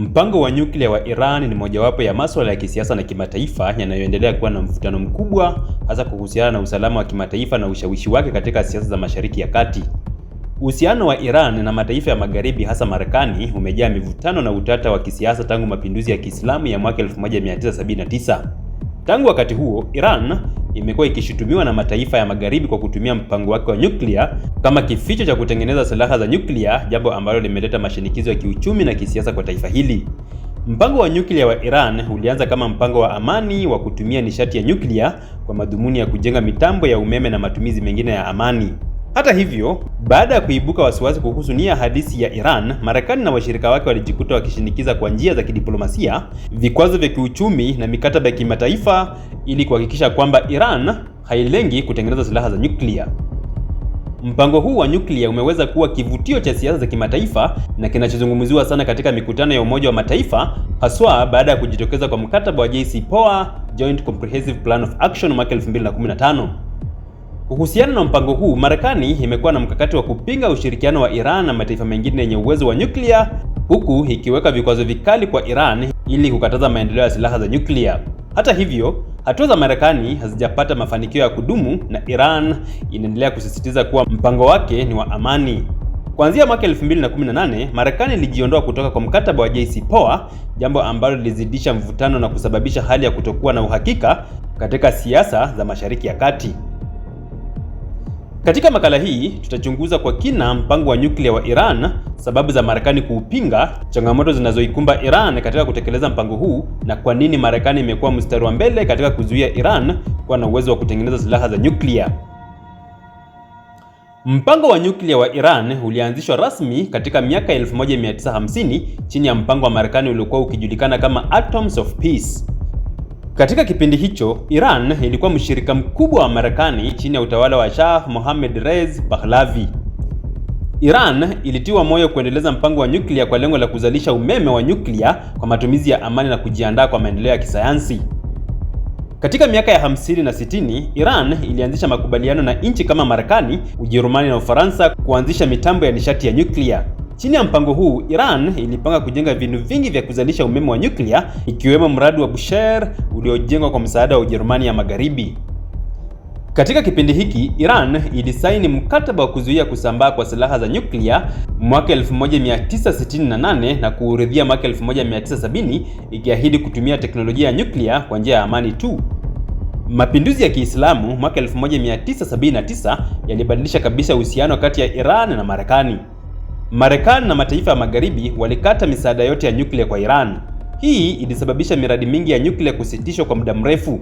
Mpango wa nyuklia wa Iran ni mojawapo ya masuala ya kisiasa na kimataifa yanayoendelea kuwa na mvutano mkubwa, hasa kuhusiana na usalama wa kimataifa na ushawishi wake katika siasa za Mashariki ya Kati. Uhusiano wa Iran na mataifa ya Magharibi, hasa Marekani, umejaa mivutano na utata wa kisiasa tangu mapinduzi ya Kiislamu ya mwaka 1979. Tangu wakati huo, Iran imekuwa ikishutumiwa na mataifa ya magharibi kwa kutumia mpango wake wa nyuklia kama kificho cha kutengeneza silaha za nyuklia, jambo ambalo limeleta mashinikizo ya kiuchumi na kisiasa kwa taifa hili. Mpango wa nyuklia wa Iran ulianza kama mpango wa amani wa kutumia nishati ya nyuklia kwa madhumuni ya kujenga mitambo ya umeme na matumizi mengine ya amani. Hata hivyo, baada ya kuibuka wasiwasi kuhusu nia hadisi ya Iran, Marekani na washirika wake walijikuta wakishinikiza kwa njia za kidiplomasia, vikwazo vya kiuchumi na mikataba ya kimataifa ili kuhakikisha kwamba Iran hailengi kutengeneza silaha za nyuklia. Mpango huu wa nyuklia umeweza kuwa kivutio cha siasa za kimataifa na kinachozungumziwa sana katika mikutano ya Umoja wa Mataifa, haswa baada ya kujitokeza kwa mkataba wa JCPOA, Joint Comprehensive Plan of Action, mwaka 2015. Kuhusiana na mpango huu, Marekani imekuwa na mkakati wa kupinga ushirikiano wa Iran na mataifa mengine yenye uwezo wa nyuklia, huku ikiweka vikwazo vikali kwa Iran ili kukataza maendeleo ya silaha za nyuklia. Hata hivyo, hatua za Marekani hazijapata mafanikio ya kudumu na Iran inaendelea kusisitiza kuwa mpango wake ni wa amani. Kuanzia mwaka 2018, Marekani ilijiondoa kutoka kwa mkataba wa JCPOA, jambo ambalo lilizidisha mvutano na kusababisha hali ya kutokuwa na uhakika katika siasa za Mashariki ya Kati. Katika makala hii tutachunguza kwa kina mpango wa nyuklia wa Iran, sababu za Marekani kuupinga, changamoto zinazoikumba Iran katika kutekeleza mpango huu, na kwa nini Marekani imekuwa mstari wa mbele katika kuzuia Iran kuwa na uwezo wa kutengeneza silaha za nyuklia. Mpango wa nyuklia wa Iran ulianzishwa rasmi katika miaka 1950 chini ya mpango wa Marekani uliokuwa ukijulikana kama Atoms of Peace. Katika kipindi hicho, Iran ilikuwa mshirika mkubwa wa Marekani chini ya utawala wa Shah Mohammad Reza Pahlavi. Iran ilitiwa moyo kuendeleza mpango wa nyuklia kwa lengo la kuzalisha umeme wa nyuklia kwa matumizi ya amani na kujiandaa kwa maendeleo ya kisayansi. Katika miaka ya 50 na 60, Iran ilianzisha makubaliano na nchi kama Marekani, Ujerumani na Ufaransa kuanzisha mitambo ya nishati ya nyuklia. Chini ya mpango huu, Iran ilipanga kujenga vinu vingi vya kuzalisha umeme wa nyuklia, ikiwemo mradi wa Bushehr uliojengwa kwa msaada wa Ujerumani ya Magharibi. Katika kipindi hiki, Iran ilisaini mkataba wa kuzuia kusambaa kwa silaha za nyuklia mwaka 1968 na kuuridhia mwaka 1970 ikiahidi kutumia teknolojia ya nyuklia kwa njia ya amani tu. Mapinduzi ya Kiislamu mwaka 1979 yalibadilisha kabisa uhusiano kati ya Iran na Marekani. Marekani na mataifa ya magharibi walikata misaada yote ya nyuklia kwa Iran. Hii ilisababisha miradi mingi ya nyuklia kusitishwa kwa muda mrefu.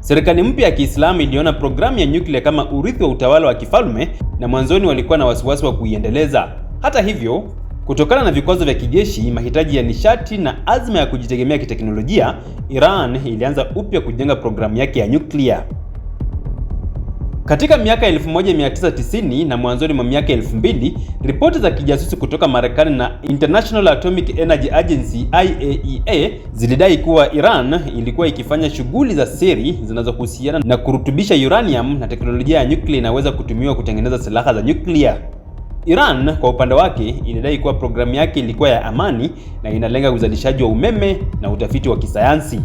Serikali mpya ya Kiislamu iliona programu ya nyuklia kama urithi wa utawala wa kifalme na mwanzoni walikuwa na wasiwasi wa kuiendeleza. Hata hivyo, kutokana na vikwazo vya kijeshi, mahitaji ya nishati na azma ya kujitegemea kiteknolojia, Iran ilianza upya kujenga programu yake ya nyuklia. Katika miaka 1990 na mwanzoni mwa miaka 2000, ripoti za kijasusi kutoka Marekani na International Atomic Energy Agency IAEA e zilidai kuwa Iran ilikuwa ikifanya shughuli za siri zinazohusiana na kurutubisha uranium na teknolojia ya nyuklia inaweza kutumiwa kutengeneza silaha za nyuklia. Iran kwa upande wake ilidai kuwa programu yake ilikuwa ya amani na inalenga uzalishaji wa umeme na utafiti wa kisayansi.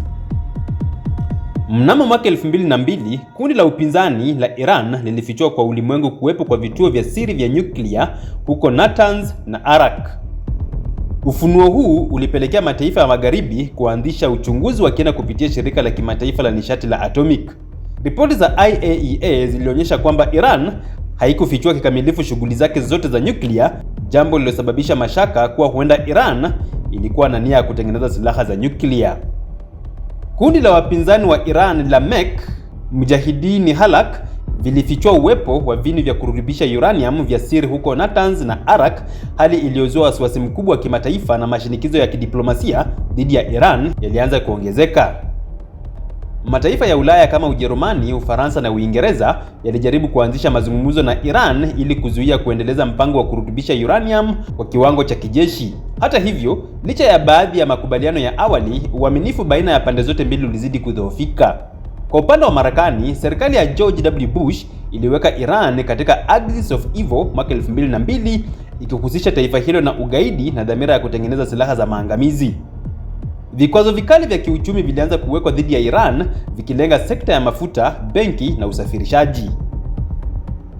Mnamo mwaka mbili kundi la upinzani la Iran lilifichua kwa ulimwengu kuwepo kwa vituo vya siri vya nyuklia huko Natanz na Arak. Ufunuo huu ulipelekea mataifa ya Magharibi kuanzisha uchunguzi wa kina kupitia shirika la kimataifa la nishati la Atomic. Ripoti za IAEA e zilionyesha kwamba Iran haikufichua kikamilifu shughuli zake zote za nyuklia, jambo lililosababisha mashaka kuwa huenda Iran ilikuwa na nia ya kutengeneza silaha za nyuklia. Kundi la wapinzani wa Iran la MEK Mujahideen Halak vilifichua uwepo wa vinu vya kurutubisha uranium vya siri huko Natanz na Arak, hali iliyozua wasiwasi mkubwa wa kimataifa na mashinikizo ya kidiplomasia dhidi ya Iran yalianza kuongezeka. Mataifa ya Ulaya kama Ujerumani, Ufaransa na Uingereza yalijaribu kuanzisha mazungumzo na Iran ili kuzuia kuendeleza mpango wa kurutubisha uranium kwa kiwango cha kijeshi. Hata hivyo, licha ya baadhi ya makubaliano ya awali, uaminifu baina ya pande zote mbili ulizidi kudhoofika. Kwa upande wa Marekani, serikali ya George W. Bush iliweka Iran katika Axis of Evil mwaka 2002 ikihusisha taifa hilo na ugaidi na dhamira ya kutengeneza silaha za maangamizi. Vikwazo vikali vya kiuchumi vilianza kuwekwa dhidi ya Iran vikilenga sekta ya mafuta, benki na usafirishaji.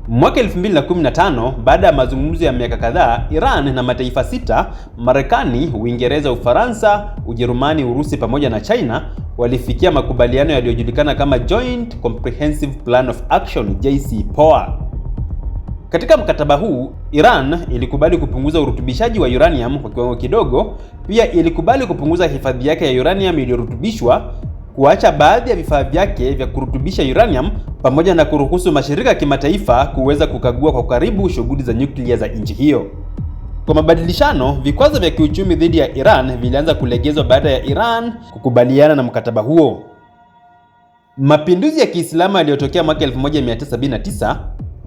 Mwaka 2015 baada ya mazungumzo ya miaka kadhaa, Iran na mataifa sita, Marekani, Uingereza, Ufaransa, Ujerumani, Urusi pamoja na China walifikia makubaliano yaliyojulikana kama Joint Comprehensive Plan of Action, JCPOA. Katika mkataba huu, Iran ilikubali kupunguza urutubishaji wa uranium kwa kiwango kidogo. Pia ilikubali kupunguza hifadhi yake ya uranium iliyorutubishwa kuacha baadhi ya vifaa vyake vya kurutubisha uranium pamoja na kuruhusu mashirika ya kimataifa kuweza kukagua kwa karibu shughuli za nyuklia za nchi hiyo. Kwa mabadilishano, vikwazo vya kiuchumi dhidi ya Iran vilianza kulegezwa baada ya Iran kukubaliana na mkataba huo. Mapinduzi ya Kiislamu yaliyotokea mwaka 1979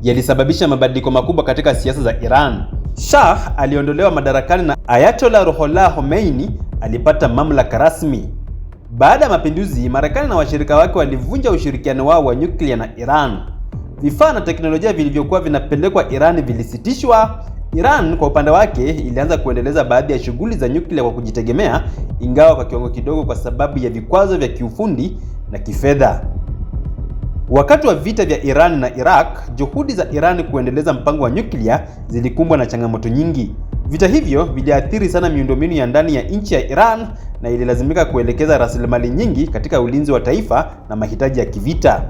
yalisababisha mabadiliko makubwa katika siasa za Iran. Shah aliondolewa madarakani na Ayatollah Ruhollah Khomeini alipata mamlaka rasmi. Baada ya mapinduzi, Marekani na washirika wake walivunja ushirikiano wao wa nyuklia na Iran. Vifaa na teknolojia vilivyokuwa vinapelekwa Iran vilisitishwa. Iran kwa upande wake ilianza kuendeleza baadhi ya shughuli za nyuklia kwa kujitegemea, ingawa kwa kiwango kidogo, kwa sababu ya vikwazo vya kiufundi na kifedha. Wakati wa vita vya Iran na Iraq, juhudi za Iran kuendeleza mpango wa nyuklia zilikumbwa na changamoto nyingi. Vita hivyo viliathiri sana miundombinu ya ndani ya nchi ya Iran na ililazimika kuelekeza rasilimali nyingi katika ulinzi wa taifa na mahitaji ya kivita.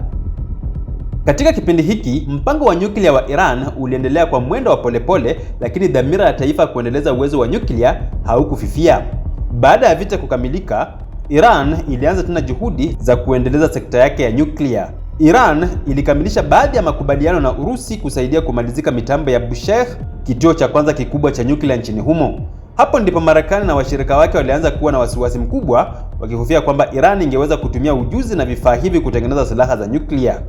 Katika kipindi hiki, mpango wa nyuklia wa Iran uliendelea kwa mwendo wa polepole pole, lakini dhamira ya taifa kuendeleza uwezo wa nyuklia haukufifia. Baada ya vita kukamilika, Iran ilianza tena juhudi za kuendeleza sekta yake ya nyuklia. Iran ilikamilisha baadhi ya makubaliano na Urusi kusaidia kumalizika mitambo ya Bushehr, kituo cha kwanza kikubwa cha nyuklia nchini humo. Hapo ndipo Marekani na washirika wake walianza kuwa na wasiwasi mkubwa, wakihofia kwamba Iran ingeweza kutumia ujuzi na vifaa hivi kutengeneza silaha za nyuklia.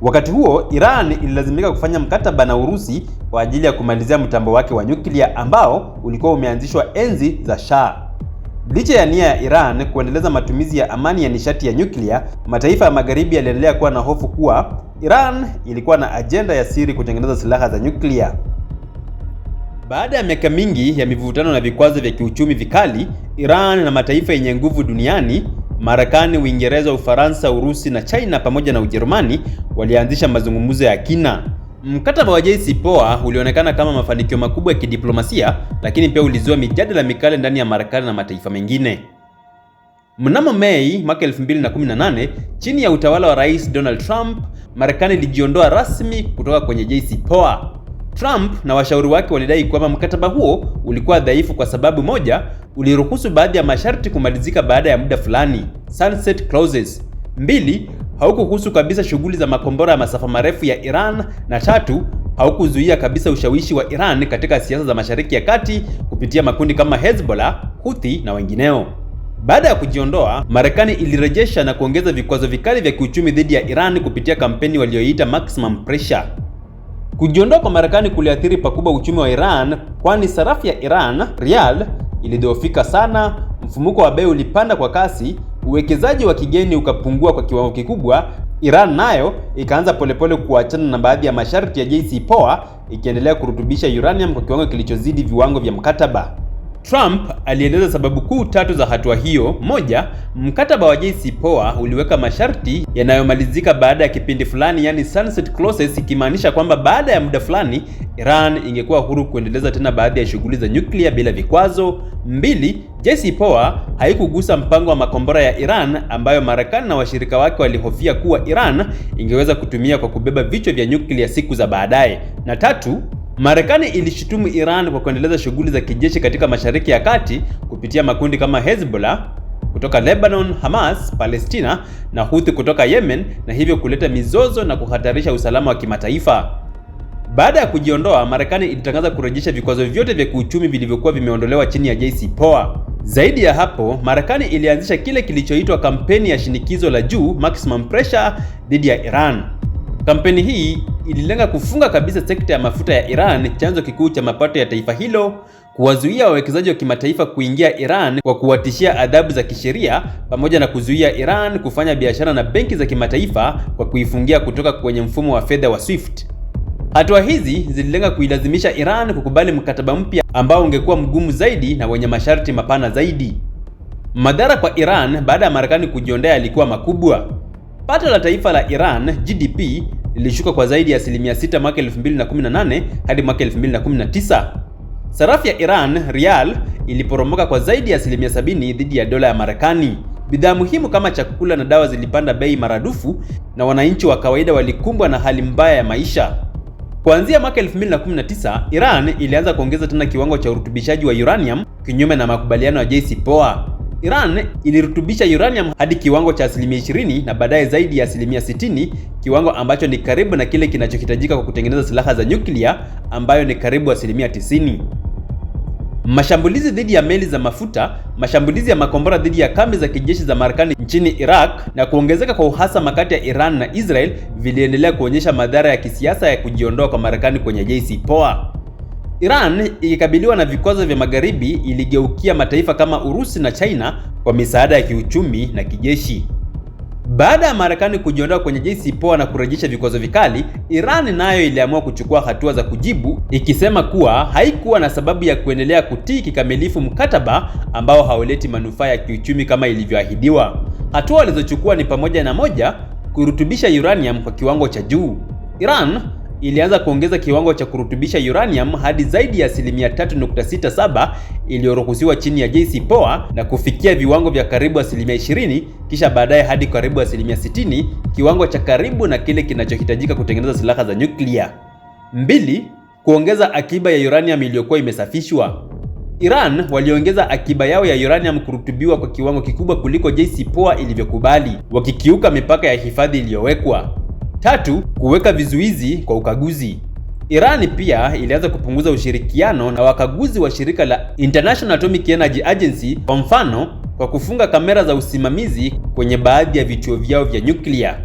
Wakati huo, Iran ililazimika kufanya mkataba na Urusi kwa ajili ya kumalizia mtambo wake wa nyuklia ambao ulikuwa umeanzishwa enzi za Shah. Licha ya nia ya Iran kuendeleza matumizi ya amani ya nishati ya nyuklia, mataifa ya magharibi yaliendelea kuwa na hofu kuwa Iran ilikuwa na ajenda ya siri kutengeneza silaha za nyuklia. Baada ya miaka mingi ya mivutano na vikwazo vya kiuchumi vikali, Iran na mataifa yenye nguvu duniani, Marekani, Uingereza, Ufaransa, Urusi na China pamoja na Ujerumani walianzisha mazungumzo ya kina. Mkataba wa JCPOA ulionekana kama mafanikio makubwa ya kidiplomasia, lakini pia ulizua mijadala mikali ndani ya Marekani na mataifa mengine. Mnamo Mei mwaka 2018, chini ya utawala wa Rais Donald Trump, Marekani ilijiondoa rasmi kutoka kwenye JCPOA. Trump na washauri wake walidai kwamba mkataba huo ulikuwa dhaifu kwa sababu moja, uliruhusu baadhi ya masharti kumalizika baada ya muda fulani, sunset clauses. Mbili, haukuhusu kabisa shughuli za makombora ya masafa marefu ya Iran, na tatu, haukuzuia kabisa ushawishi wa Iran katika siasa za Mashariki ya Kati kupitia makundi kama Hezbollah, Houthi na wengineo. Baada ya kujiondoa, Marekani ilirejesha na kuongeza vikwazo vikali vya kiuchumi dhidi ya Iran kupitia kampeni walioita maximum pressure. Kujiondoa kwa Marekani kuliathiri pakubwa uchumi wa Iran, kwani sarafu ya Iran, rial, ilidhoofika sana, mfumuko wa bei ulipanda kwa kasi uwekezaji wa kigeni ukapungua kwa kiwango kikubwa, Iran nayo ikaanza polepole kuachana na baadhi ya masharti ya JCPOA ikiendelea kurutubisha uranium kwa kiwango kilichozidi viwango vya mkataba. Trump alieleza sababu kuu tatu za hatua hiyo. Moja, mkataba wa JCPOA uliweka masharti yanayomalizika baada ya kipindi fulani, yani sunset clauses, ikimaanisha kwamba baada ya muda fulani Iran ingekuwa huru kuendeleza tena baadhi ya shughuli za nyuklia bila vikwazo. Mbili, JCPOA haikugusa mpango wa makombora ya Iran ambayo Marekani na washirika wake walihofia kuwa Iran ingeweza kutumia kwa kubeba vichwa vya nyuklia siku za baadaye. Na tatu Marekani ilishutumu Iran kwa kuendeleza shughuli za kijeshi katika Mashariki ya Kati kupitia makundi kama Hezbollah kutoka Lebanon, Hamas, Palestina na Houthi kutoka Yemen na hivyo kuleta mizozo na kuhatarisha usalama wa kimataifa. Baada ya kujiondoa, Marekani ilitangaza kurejesha vikwazo vyote vya kiuchumi vilivyokuwa vimeondolewa chini ya JCPOA. Zaidi ya hapo, Marekani ilianzisha kile kilichoitwa kampeni ya shinikizo la juu, maximum pressure, dhidi ya Iran. Kampeni hii ililenga kufunga kabisa sekta ya mafuta ya Iran, chanzo kikuu cha mapato ya taifa hilo, kuwazuia wawekezaji wa kimataifa kuingia Iran kwa kuwatishia adhabu za kisheria, pamoja na kuzuia Iran kufanya biashara na benki za kimataifa kwa kuifungia kutoka kwenye mfumo wa fedha wa SWIFT. Hatua hizi zililenga kuilazimisha Iran kukubali mkataba mpya ambao ungekuwa mgumu zaidi na wenye masharti mapana zaidi. Madhara kwa Iran baada ya Marekani kujiondoa yalikuwa makubwa. Pato la taifa la Iran GDP lilishuka kwa zaidi ya asilimia 6 mwaka 2018 hadi mwaka 2019. Sarafu ya Iran rial iliporomoka kwa zaidi ya asilimia 70 dhidi ya dola ya Marekani. Bidhaa muhimu kama chakula na dawa zilipanda bei maradufu na wananchi wa kawaida walikumbwa na hali mbaya ya maisha. Kuanzia mwaka 2019, Iran ilianza kuongeza tena kiwango cha urutubishaji wa uranium kinyume na makubaliano ya JCPOA. Iran ilirutubisha uranium hadi kiwango cha asilimia 20 na baadaye zaidi ya asilimia 60, kiwango ambacho ni karibu na kile kinachohitajika kwa kutengeneza silaha za nyuklia ambayo ni karibu asilimia 90. Mashambulizi dhidi ya meli za mafuta, mashambulizi ya makombora dhidi ya kambi za kijeshi za Marekani nchini Iraq na kuongezeka kwa uhasama kati ya Iran na Israel viliendelea kuonyesha madhara ya kisiasa ya kujiondoa kwa Marekani kwenye JCPOA. Iran ikikabiliwa na vikwazo vya magharibi iligeukia mataifa kama Urusi na China kwa misaada ya kiuchumi na kijeshi. Baada ya Marekani kujiondoa kwenye JCPOA na kurejesha vikwazo vikali, Iran nayo iliamua kuchukua hatua za kujibu, ikisema kuwa haikuwa na sababu ya kuendelea kutii kikamilifu mkataba ambao hauleti manufaa ya kiuchumi kama ilivyoahidiwa. Hatua walizochukua ni pamoja na moja, kurutubisha uranium kwa kiwango cha juu. Iran ilianza kuongeza kiwango cha kurutubisha uranium hadi zaidi ya asilimia 3.67 iliyoruhusiwa chini ya JCPOA na kufikia viwango vya karibu asilimia 20, kisha baadaye hadi karibu asilimia 60, kiwango cha karibu na kile kinachohitajika kutengeneza silaha za nyuklia. Mbili, kuongeza akiba ya uranium iliyokuwa imesafishwa. Iran waliongeza akiba yao ya uranium kurutubiwa kwa kiwango kikubwa kuliko JCPOA ilivyokubali, wakikiuka mipaka ya hifadhi iliyowekwa. Tatu, kuweka vizuizi kwa ukaguzi. Iran pia ilianza kupunguza ushirikiano na wakaguzi wa shirika la International Atomic Energy Agency, kwa mfano, kwa kufunga kamera za usimamizi kwenye baadhi ya vituo vyao vya nyuklia.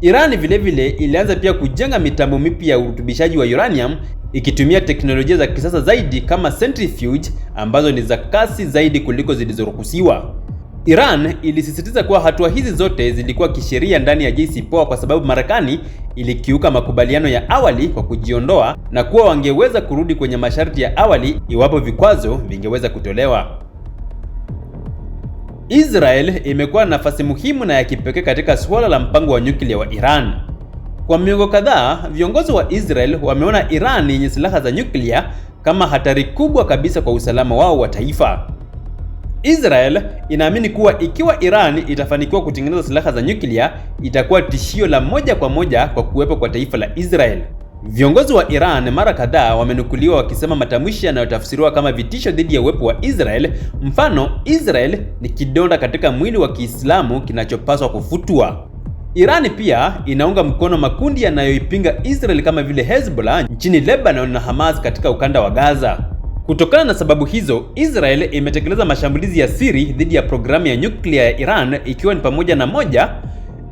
Iran vilevile ilianza pia kujenga mitambo mipya ya urutubishaji wa uranium ikitumia teknolojia za kisasa zaidi kama centrifuge ambazo ni za kasi zaidi kuliko zilizoruhusiwa. Iran ilisisitiza kuwa hatua hizi zote zilikuwa kisheria ndani ya JCPOA kwa sababu Marekani ilikiuka makubaliano ya awali kwa kujiondoa na kuwa wangeweza kurudi kwenye masharti ya awali iwapo vikwazo vingeweza kutolewa. Israel imekuwa na nafasi muhimu na ya kipekee katika suala la mpango wa nyuklia wa Iran. Kwa miongo kadhaa, viongozi wa Israel wameona Iran yenye silaha za nyuklia kama hatari kubwa kabisa kwa usalama wao wa taifa. Israel inaamini kuwa ikiwa Iran itafanikiwa kutengeneza silaha za nyuklia, itakuwa tishio la moja kwa moja kwa kuwepo kwa taifa la Israel. Viongozi wa Iran mara kadhaa wamenukuliwa wakisema matamshi yanayotafsiriwa kama vitisho dhidi ya uwepo wa Israel. Mfano, Israel ni kidonda katika mwili wa Kiislamu kinachopaswa kufutwa. Irani pia inaunga mkono makundi yanayoipinga Israel kama vile Hezbollah nchini Lebanon na Hamas katika ukanda wa Gaza. Kutokana na sababu hizo, Israel imetekeleza mashambulizi ya siri dhidi ya programu ya nyuklia ya Iran ikiwa ni pamoja na moja,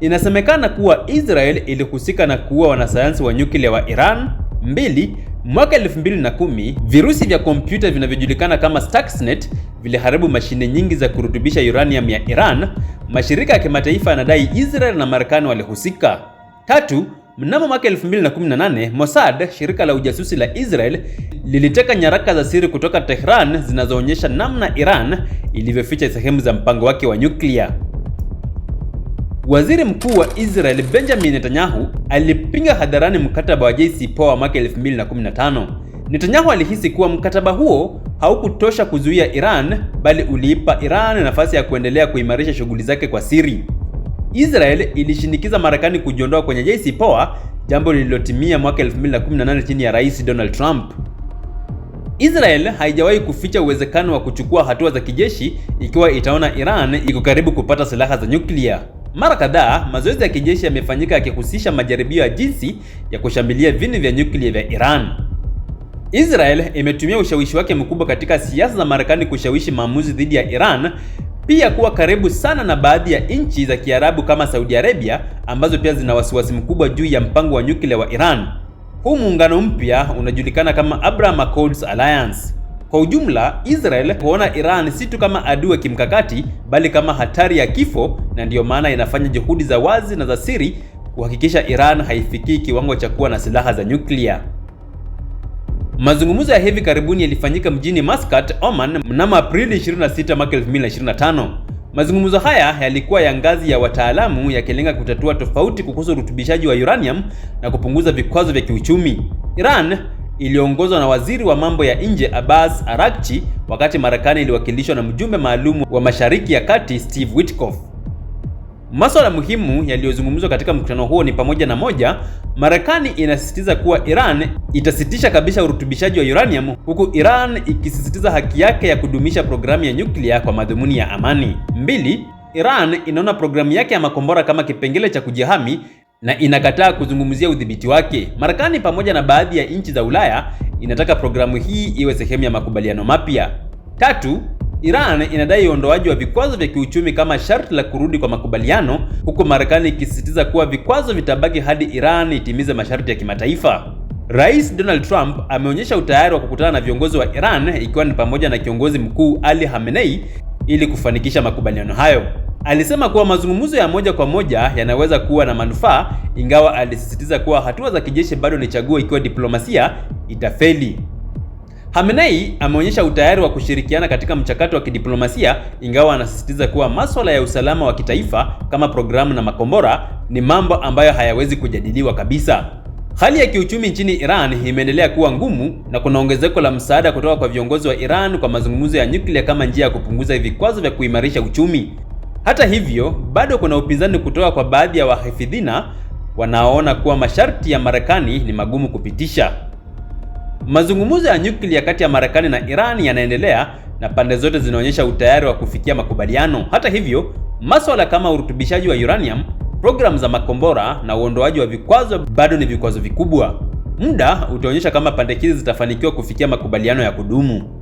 inasemekana kuwa Israel ilihusika na kuua wanasayansi wa nyuklia wa Iran. Mbili, mwaka 2010 virusi vya kompyuta vinavyojulikana kama Stuxnet viliharibu mashine nyingi za kurutubisha uranium ya Iran. Mashirika ya kimataifa yanadai Israel na Marekani walihusika. Tatu, Mnamo mwaka 2018, Mossad, shirika la ujasusi la Israel, liliteka nyaraka za siri kutoka Tehran zinazoonyesha namna Iran ilivyoficha sehemu za mpango wake wa nyuklia. Waziri Mkuu wa Israel Benjamin Netanyahu alipinga hadharani mkataba wa JCPOA mwaka 2015. Netanyahu alihisi kuwa mkataba huo haukutosha kuzuia Iran bali uliipa Iran nafasi ya kuendelea kuimarisha shughuli zake kwa siri. Israel ilishinikiza Marekani kujiondoa kwenye JCPOA, jambo lililotimia mwaka 2018 chini ya Rais Donald Trump. Israel haijawahi kuficha uwezekano wa kuchukua hatua za kijeshi ikiwa itaona Iran iko karibu kupata silaha za nyuklia. Mara kadhaa mazoezi ya kijeshi yamefanyika yakihusisha majaribio ya jinsi ya kushambilia vinu vya nyuklia vya Iran. Israel imetumia ushawishi wake mkubwa katika siasa za Marekani kushawishi maamuzi dhidi ya Iran pia kuwa karibu sana na baadhi ya nchi za Kiarabu kama Saudi Arabia ambazo pia zina wasiwasi mkubwa juu ya mpango wa nyuklia wa Iran. Huu muungano mpya unajulikana kama Abraham Accords Alliance. Kwa ujumla, Israel huona Iran si tu kama adui wa kimkakati bali kama hatari ya kifo, na ndiyo maana inafanya juhudi za wazi na za siri kuhakikisha Iran haifikii kiwango cha kuwa na silaha za nyuklia. Mazungumzo ya hivi karibuni yalifanyika mjini Muscat, Oman mnamo Aprili 26 mwaka 2025. Mazungumzo haya yalikuwa ya ngazi ya wataalamu yakilenga kutatua tofauti kuhusu urutubishaji wa uranium na kupunguza vikwazo vya kiuchumi. Iran iliongozwa na waziri wa mambo ya nje Abbas arakchi wakati Marekani iliwakilishwa na mjumbe maalum wa Mashariki ya Kati Steve Witkoff. Masuala muhimu yaliyozungumzwa katika mkutano huo ni pamoja na moja, Marekani inasisitiza kuwa Iran itasitisha kabisa urutubishaji wa uranium huku Iran ikisisitiza haki yake ya kudumisha programu ya nyuklia kwa madhumuni ya amani. Mbili, Iran inaona programu yake ya makombora kama kipengele cha kujihami na inakataa kuzungumzia udhibiti wake. Marekani pamoja na baadhi ya nchi za Ulaya inataka programu hii iwe sehemu ya makubaliano mapya. Tatu, Iran inadai uondoaji wa vikwazo vya kiuchumi kama sharti la kurudi kwa makubaliano, huku Marekani ikisisitiza kuwa vikwazo vitabaki hadi Iran itimize masharti ya kimataifa. Rais Donald Trump ameonyesha utayari wa kukutana na viongozi wa Iran, ikiwa ni pamoja na kiongozi mkuu Ali Khamenei ili kufanikisha makubaliano hayo. Alisema kuwa mazungumzo ya moja kwa moja yanaweza kuwa na manufaa, ingawa alisisitiza kuwa hatua za kijeshi bado ni chaguo ikiwa diplomasia itafeli. Hamenei ameonyesha utayari wa kushirikiana katika mchakato wa kidiplomasia ingawa anasisitiza kuwa masuala ya usalama wa kitaifa kama programu na makombora ni mambo ambayo hayawezi kujadiliwa kabisa. Hali ya kiuchumi nchini Iran imeendelea kuwa ngumu na kuna ongezeko la msaada kutoka kwa viongozi wa Iran kwa mazungumzo ya nyuklia kama njia ya kupunguza vikwazo vya kuimarisha uchumi. Hata hivyo, bado kuna upinzani kutoka kwa baadhi ya wahafidhina wanaoona kuwa masharti ya Marekani ni magumu kupitisha. Mazungumzo ya nyuklia kati ya Marekani na Iran yanaendelea na pande zote zinaonyesha utayari wa kufikia makubaliano. Hata hivyo, masuala kama urutubishaji wa uranium, programu za makombora na uondoaji wa vikwazo bado ni vikwazo vikubwa. Muda utaonyesha kama pande hizi zitafanikiwa kufikia makubaliano ya kudumu.